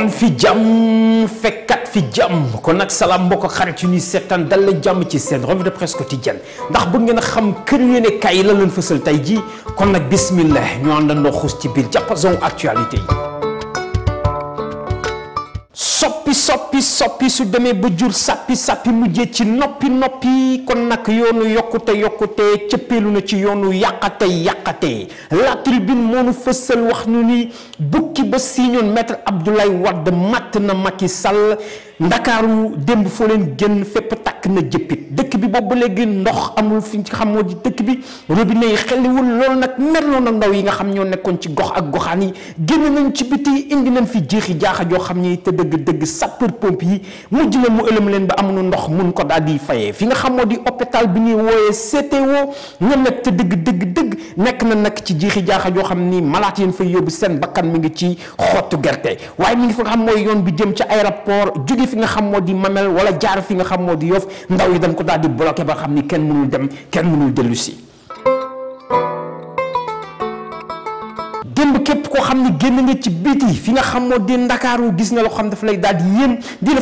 nekkoon fi jàmm fekkat fi jàmm kon nag salaam mbokk xarit yu ñuy seetaan dal la jàmm ci seen revue de presse quotidienne ndax bëgg ngeen a xam kër yéene kaay yi la leen fësal tey jii kon nag bismillah ñu àndandoo xuus ci biir jàppazon actualité yi. soppi soppi soppi su demee ba jur sàppi sàppi mujjee ci noppi noppi kon nag yoonu yokkute yokkute cëppeelu na ci yoonu yàqate yàqate la tribune moo nu fësal wax nu ni bukki ba siiñoon maître Abdoulaye Wade matt na Macky Sall ndakaaru démb foo leen génn fépp takk na jëppit dëkk bi boobu léegi ndox amul fi xam xamoo di dëkk bi robinet yi xeliwul loolu nag merloo na ndaw yi nga xam ñoo nekkoon ci gox ak goxaan yi génn nañ ci biti indi nañ fi jeexi jaaxa sapeur pompier yi mujj na mu ëlëm leen ba amuñu ndox mun ko daal di fayee fi nga xam moo di hôpital bi ñuy wooyee CTO ñoom nag te dëgg dëgg dëgg nekk na nag ci jiixi jaaxa joo xam ni malaat yeen fay yóbbu seen bakkan mi ngi ci xottu gerte waaye mi ngi fi nga xam mooy yoon bi jëm ci aéroport jóge fi nga xam moo di Mamel wala jaar fi nga xam moo di Yoff ndaw yi dañ ko daal di bloqué ba xam ni kenn munul dem kenn mënul dellu si démb képp koo xam ne génn nga ci biti fi nga xam moo di ndakaaru gis nga loo xam dafa lay daal di yéem di la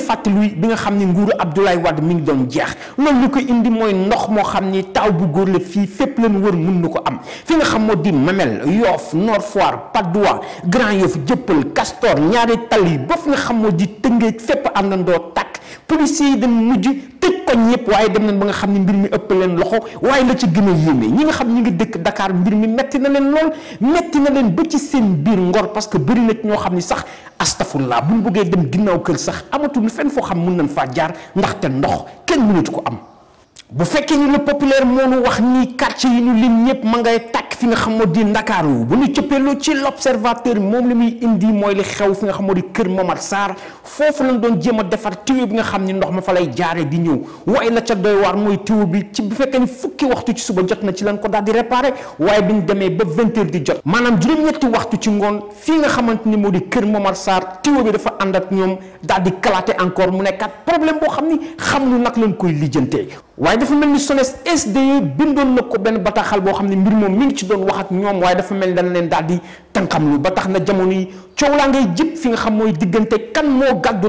bi nga xam ne nguuru Abdoulaye Wade mi ngi doon jeex loolu lu ko indi mooy ndox moo xam ni taw bu góor la fii fépp leen wër mun na ko am fi xam moo di Mamel Yoff Nord Foire Patte d'Oie Grand Yoff Jëppal Castor ñaari tali ba fi nga xam moo di Tëngéej fépp àndandoo takk policiers yi dañ mujj tëj ko ñëpp waaye dem nañ ba nga xam ne mbir mi ëpp leen loxo waaye la ci ñi nga xam ñi dëkk Dakar mbir mi metti na leen lool metti ci seen biir ngor parce que bëri na ci ñoo xam ni sax astafurlaa bu ñu bëggee dem ginnaaw kër sax amatul fenn foo xam mën nañ faa jaar ndaxte ndox kenn mënatu ko am bu fekkee ni le populaire moo nu wax ni quartier yi ñu lim ñëpp ma ngay tàkk fi nga xam moo di ndakaaru bu ñu cëppeeloo ci l'observateur moom la muy indi mooy li xew fi nga xam moo di kër Momar Sarr foofu lañ doon jéem a defar tiwo bi nga xam ni ndox ma fa lay jaaree di ñëw waaye la ca doy waar mooy tiwo bi ci bu fekkee ni fukki waxtu ci suba jot na ci lañ ko daal di réparé waaye bi ñu demee ba vingt heures di jot maanaam juróom-ñetti waxtu ci ngoon fii nga xamante ni moo di kër Momar saar tiwo bi dafa ànd ak ñoom daal di kalaate encore mu nekkaat problème boo xam ni xam lu nag lañ koy lijjantee waaye dafa mel ni SONES SDE bindoon na ko benn bataaxal boo xam ne mbir moom mi ngi ci doon wax ak ñoom waaye dafa mel ni dana leen daal di tànqam lu ba na jamono yi coow laa ngay fi nga xam mooy diggante kan moo gàddu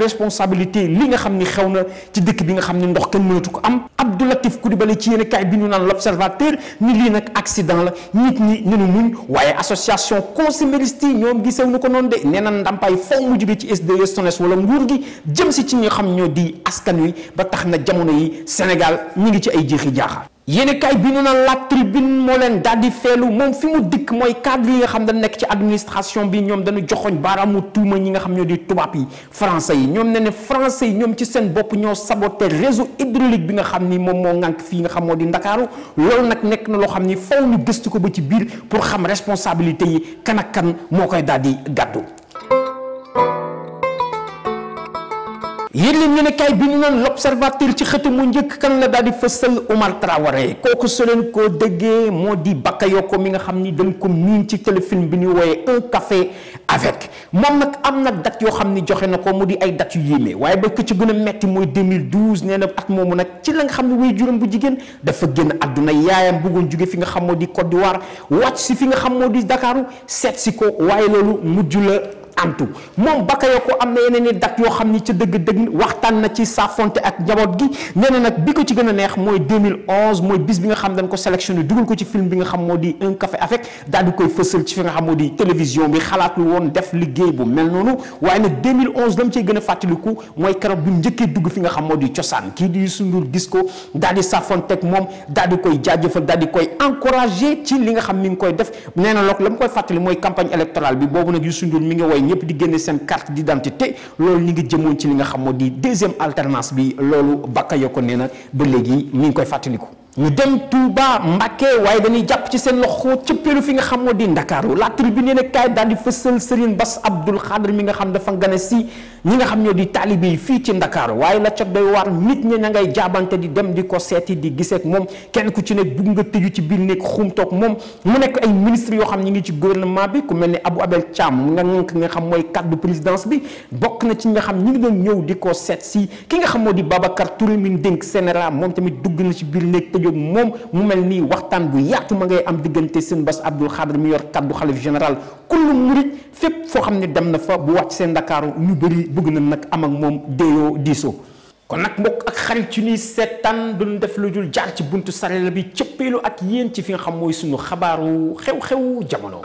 li nga xam ni xew na ci dëkk bi nga xam ni ndox kenn mënatu ko am Abdou Latif Coulibaly ci yéen kaay bi ñu naan l'observateur ni lii nag accident la nit ñi nenu muñ waaye association consumériste yi ñoom gisew ñu ko noonu de nee na ndàmpaay jugee ci SDE SONES wala nguur gi jëm si ci ñi xam ñoo di askan wi ba tax na jamono yi Sénégal ñu ngi ci ay jeexi jaaxa yéen bi ñu naan la tribune moo leen daal di feelu moom fi mu dikk mooy cadre yi nga xam dañ nekk ci administration bi ñoom dañu joxoñ baaraamu tuuma ñi nga xam ñoo di tubaab yi français yi ñoom ne ne français yi ñoom ci seen bopp ñoo saboté réseau hydraulique bi nga xam ni moom moo ŋànk fii nga xam moo di ndakaaru loolu nag nekk na loo xam ni faw ñu gëstu ko ba ci biir pour xam responsabilité yi kan kan moo koy daal di gàddu yéen leen ñu ne kay bi ñu naan l'observateur ci xëtu mu njëkk kan la daal di fësal Omar Traoré kooku su leen koo dëggee moo di bakka Bakayoko mi nga xam ni dañ ko miin ci téléfilm bi ñu wooyee un café avec moom nag am nag date yoo xam ni joxe na ko mu di ay dat yu yéeme waaye ba ko ci gën a metti mooy 2012 nee na at moomu nag ci la nga xam ne way juróom bu jigéen dafa génn àdduna yaayam bëggoon jóge fi nga xam moo di Côte d'Ivoire wàcc si fi nga xam moo di Dakaaru seet si ko waaye loolu mujj la antu moom Bakayoko am na yeneen i date yoo xam ni ca dëgg-dëgg waxtaan na ci saafonte ak njaboot gi nee na bi ko gën a mooy 2011 mooy bis bi nga nga xam moo di un café avec daal di koy fi nga xam moo di télévision bi xalaatul woon def liggéey bu noonu waaye nag 2011 la mu a fàttaliku mooy keroog bi mu fi nga xam moo di cosaan kii di Youssou Ndour gis ko daal koy jaajëfal daal di koy encouragé ci li nga na look la koy fàttali mooy campagne électorale bi boobu nag Youssou Ndour mi ngi woy ñëpp di génne seen carte te loolu ñu ngi jëmoon ci li nga xam moo di deuxième alternance bi loolu Bakayoko nee na ba léegi mi ngi koy fàttaliku. ñu dem Touba Mbacké waaye dañuy jàpp ci seen loxo cëppeelu fi nga xam moo di Ndakaaru la tribune yéen kaay daal di fësal Serigne Bass Abdoul Khadr mi nga xam dafa gane si ñi nga xam ñoo di taalibe fii ci Ndakaaru waaye la ca doy waar nit ñi na ngay jaabante di dem di ko seeti di giseek moom kenn ku ci ne bugg nga tëju ci biir nekk xumtoog moom mu nekk ay ministre yoo xam ñi ngi ci gouvernement bi ku mel ni Abou Abel Thiam nga nga xam mooy cadre présidence bi bokk na ci nga xam ñi ngi doon ñëw di ko seet si ki nga xam moo di Babacar Touré mi dénk Sénégal moom tamit dugg na ci biir nekk Diop moom mu mel nii waxtaan bu yaatu ma ngay am diggante seen bas Abdoul Khadr mi yor kaddu xalif général kullu murit fépp foo xam ne dem na fa bu wàcc seen Ndakaaru ñu bëri bëgg na nag am ak moom déeyoo diisoo kon nag mbokk ak xarit yu ñuy seetaan duñ def lu dul jaar ci buntu sarela bi cëppeelu ak yéen ci fi nga xam mooy suñu xabaaru xew-xew jamono.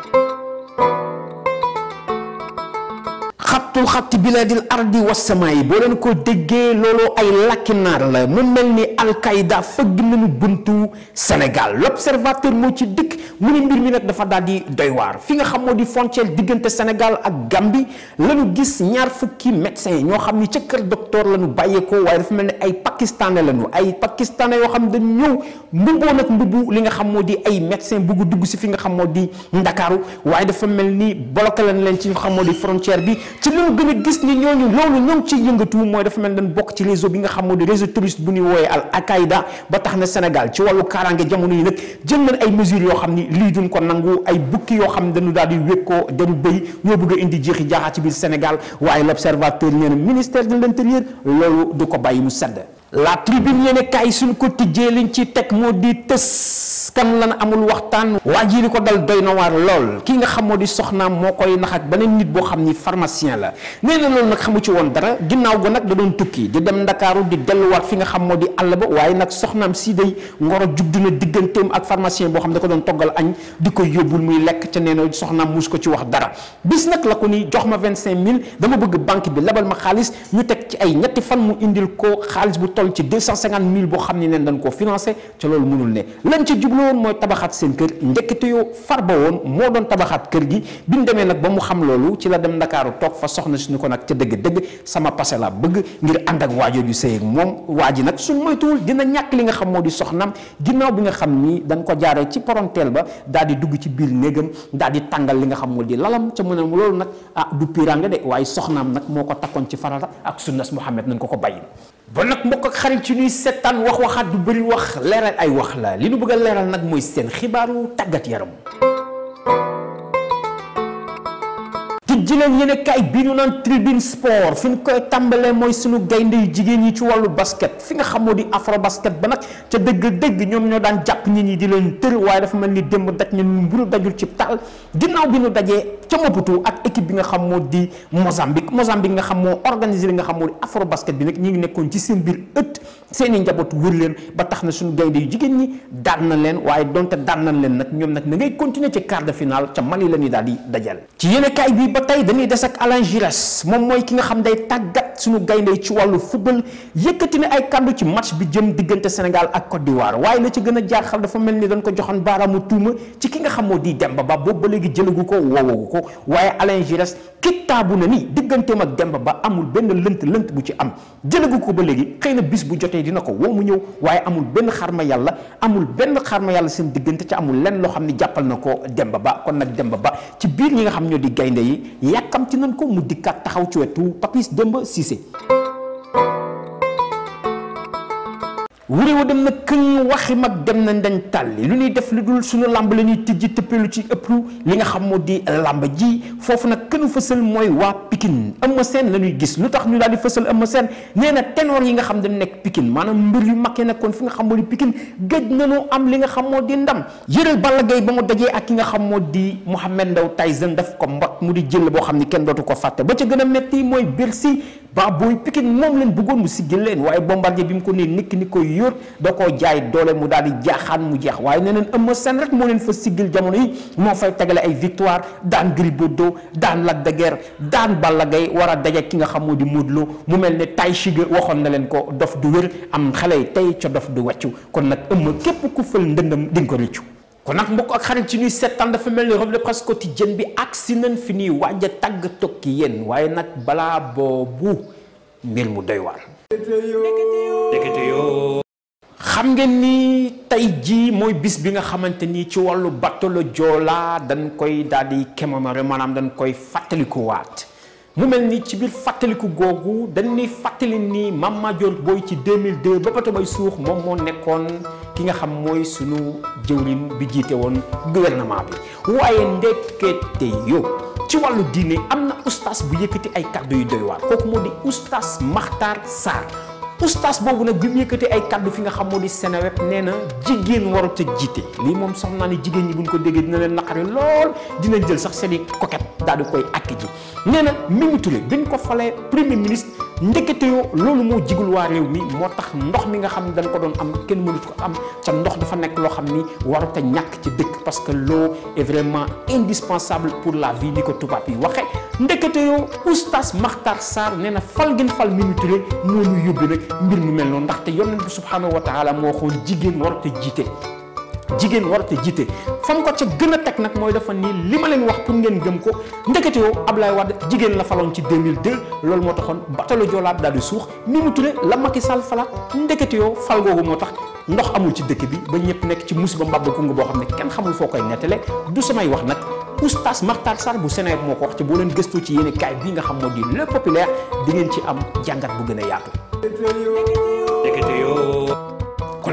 xattul xatti bilaadil ardi wasamaa yi boo leen ko déggee loolu ay lakki naar la mu mel ni alqaïda fëgg nañu buntu Sénégal l'observateur moo ci dikk mu ne mbir mi nag dafa daal di doy waar fi nga xam moo di frontière diggante Sénégal ak Gambie lañu gis ñaar fukki médecin ñoo xam ni ca kër docteur lañu bàyyeekoo waaye dafa mel ni ay pakistanais lañu ay pakistanais yoo xam dañu ñëw mbubboo nag mbubbu li nga xam moo di ay médecin bugg dugg si fi nga xam moo di Ndakaaru waaye dafa mel ni bloqué lañ leen ci nga xam moo di frontière bi ci li mu gën a gis ni ñooñu loolu ñoo ngi ciy yëngatu mooy dafa mel dañ bokk ci réseau bi nga xam moo di réseau touriste bu ñuy wooyee al Al-Qaïda ba tax na Sénégal ci wàllu kaaraange jamono yi nag jël nañ ay mesures yoo xam ni lii duñ ko nangu ay bukki yoo xam dañu daal di wékkoo dañu béy ñoo bëgg a indi jeexi jaaxa ci biir Sénégal waaye l'observateur nee na ministère de l'intérieur loolu du ko bàyyi mu sedd la tribune yéene kaay suñ ko tijjee liñ ci teg moo di tës askan lan amul waxtaan waa ji li ko dal doy na waar lool kii nga xam moo di soxnaam moo koy nax ak beneen nit boo xam ni pharmacien la nee na loolu nag xamu ci woon dara ginnaaw go nag da doon tukki di dem ndakaaru di delluwaat fi nga xam moo di àll ba waaye nag soxnaam si day ngoro juddu na digganteem ak pharmacien boo xam da ko doon toggal añ di ko yóbbul muy lekk ca nee na mu mus ko ci wax dara bis nag la ko ni jox ma vingt cinq mille dama bëgg banque bi lebal ma xaalis ñu teg ay ñetti fan mu indil ko xaalis bu toll ci deux cent cinquante mille boo xam ne leen dañ koo financé ca loolu mënul ne woon mooy tabaxaat seen kër ndekkite yoo farba woon moo doon tabaxaat kër gi bi ñu demee nag ba mu xam loolu ci la dem ndakaaru toog fa soxna suñu ko nag ca dëgg-dëgg sama passé la bëgg ngir ànd ak waajoo ju sëy moom waa ji nag suñ moytuwul dina ñàkk li nga xam moo di soxnam ginnaaw bi nga xam ni dañ ko jaaree ci poronteel ba daal di dugg ci biir néegam daal di tàngal li nga xam moo di lalam ca mu ne loolu nag ah du piiraange de waaye soxnaam nag moo ko takkoon ci farata ak sunnas Muhammad nañ ko ko bàyyi ba nag mbokk ak xarit ci ñuy seetaan wax waxaat du bëri wax leeral ay wax la li nu bëgg a leeral nag mooy seen xibaaru tàggat yaram ci leen yéen kay bi ñu naan tribune sport fi ñu koy tàmbalee mooy suñu gaynde yu jigéen yi ci wàllu basket fi nga xamoo di afro basket ba nag ca dëgg-dëgg ñoom ñoo daan jàpp nit ñi di leen tër waaye dafa mel ni démb daj na mburu dajul ci taal ginnaaw bi ñu dajee ca ak équipe bi nga xam moo di Mozambique Mozambique nga xam moo organisé li nga xam moo di afro bi nag ñi ngi nekkoon ci seen biir ëtt seen i leen ba tax na suñu gaynde yu jigéen ñi daan na leen waaye donte daan na leen nag ñoom nag na ngay continuer ci quart de finale ca Mali la ñuy daal di dajal ci yéen bi ba tey tey dañuy des ak Alain Giresse moom mooy ki nga xam day tàggat suñu gaynde ci wàllu football yëkkati na ay kàddu ci match bi jëm diggante Sénégal ak Côte d'Ivoire waaye la ci gën a jaaxal dafa mel ni dañ ko joxoon baaraamu tuuma ci ki nga xam moo di Demba Ba boobu ba léegi jëlagu ko woowagu ko waaye Alain Giresse kitaabu na ni digganteem ak Demba Ba amul benn lënt-lënt bu ci am jëlagu ko ba léegi xëy na bis bu jotee dina ko woo mu ñëw waaye amul benn xar ma yàlla amul benn xarma yàlla seen diggante ci amul lenn loo xam ne jàppal na ko Demba Ba kon nag Demba Ba ci biir ñi nga xam ñoo di gaynde yi yàkkamti nañ ko mu dikkaat taxaw ci wetu Papis Demba Cissé. wuréwu dem na këng waxi mag dem nañ dañ tàlli lu ñuy def lu dul suñu làmb la ñuy tijji tëppee lu ci ëpp li nga xam moo di làmb ji foofu nag kënu fësal mooy waa Pikine Eumeu Sène la ñuy gis lu tax ñu daal di fësal Eumeu Sène nee na ténor yi nga xam ne dañu nekk Pikine maanaam mbir yu mag yi nekkoon fi nga xam moo di Pikine gëj nañu am li nga xam moo di ndam yëral Balla Gaye ba mu dajee ak ki nga xam moo di Mohamed Ndao Tyson daf ko mbot mu di jël boo xam ni kenn dootu ko fàtte ba ca gën a métti mooy Bercy ba booy Pikine moom leen bëggoon mu siggil leen waaye Bombardier bi mu ko nee nikki ni koy yóot da koo jaay doole mu daal di jaaxaan mu jeex waaye ne neen Eumeu Sène rek moo leen fa siggil jamono yi moo fay tegale ay victoire daan Gris Bordeaux daan Lac de Guiers daan Balla Gaye war a daje ki nga xam moo di Modou Lo mu mel ne tay shiga waxoon na leen ko dof du wér am xale yi tey ca dof du wàccu kon nag Eumeu képp ku fël ndëndam di nga ko rëccu kon nag mbokk ak xarit ci ñuy seetaan dafa mel ni revue de presse quotidienne bi ak si nañ fi ñuy waaj a tàgg tokki yéen waaye nag balaa boobu mbir mu doy waar xam ngeen ni tey jii mooy bis bi nga xamante ni ci wàllu bateau le Joola koy daal di commémorer maanaam dañ koy fàttalikuwaat mu mel ni ci biir fàttaliku googu dañ ni fàttali ni Mame Madior Boye ci 2002 ba bateau bay suux moom moo nekkoon ki nga xam mooy sunu jëwlin bi jiite woon gouvernement bi waaye ndekete yow ci wàllu diine am na oustaz bu yëkkati ay kaddu yu doy waar kooku moo di oustaz Makhtar Sarr oustaz boobu nag bi mu yëkkati ay kaddu fi nga xam moo di Seneweb nee na jigéen warut a jiite lii moom sax naa ne jigéen ñi buñ ko déggee dina leen naqari lool dina jël sax seeni coquette daal di koy àkk ji nee na Mimi Touré ko falee premier ministre ndekete yoo loolu moo jigul waa réew mi moo tax ndox mi nga xam ne dañ ko doon am kenn mënut ko am ca ndox dafa nekk loo xam ni warut a ñàkk ci dëkk parce que l'eau est vraiment indispensable pour la vie ni ko tubaab yi waxe ndekete yoo oustaz Makhtar Sarr nee na fal ngeen fal minuturé moo ñu yóbbu nag mbir mu mel noonu ndaxte yonent bi subhanahu wa taala moo xool jigéen warut a jiite Jigen warate jité fam ko ci gëna tek nak moy dafa ni lima leen wax pour ngeen gëm ko ndekete yo Ablaye Wade jigen la falon ci 2002 lol mo taxone batalo joolaat dal du sux ni mu tudde la Macky Sall falat ndekete yo fal gogu mo tax ndox amul ci dëkk bi ba ñepp nek ci musiba mbabba ku nga bo xamne ken xamul foo koy du samay wax nak oustaz Martar Sar bu Sénégal wax ci bo leen gëstu ci yene kay bi nga xam mo di le populaire di ngeen ci am jangkat bu gën yo yaatu kon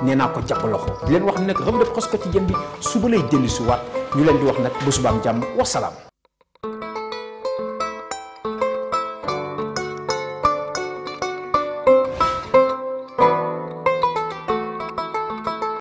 nena ko jàpp loxo di len wax nag revue de ci jëm bi suba lay delisu wat ñu len di wax nak bu suba subaam jàmm wasalaam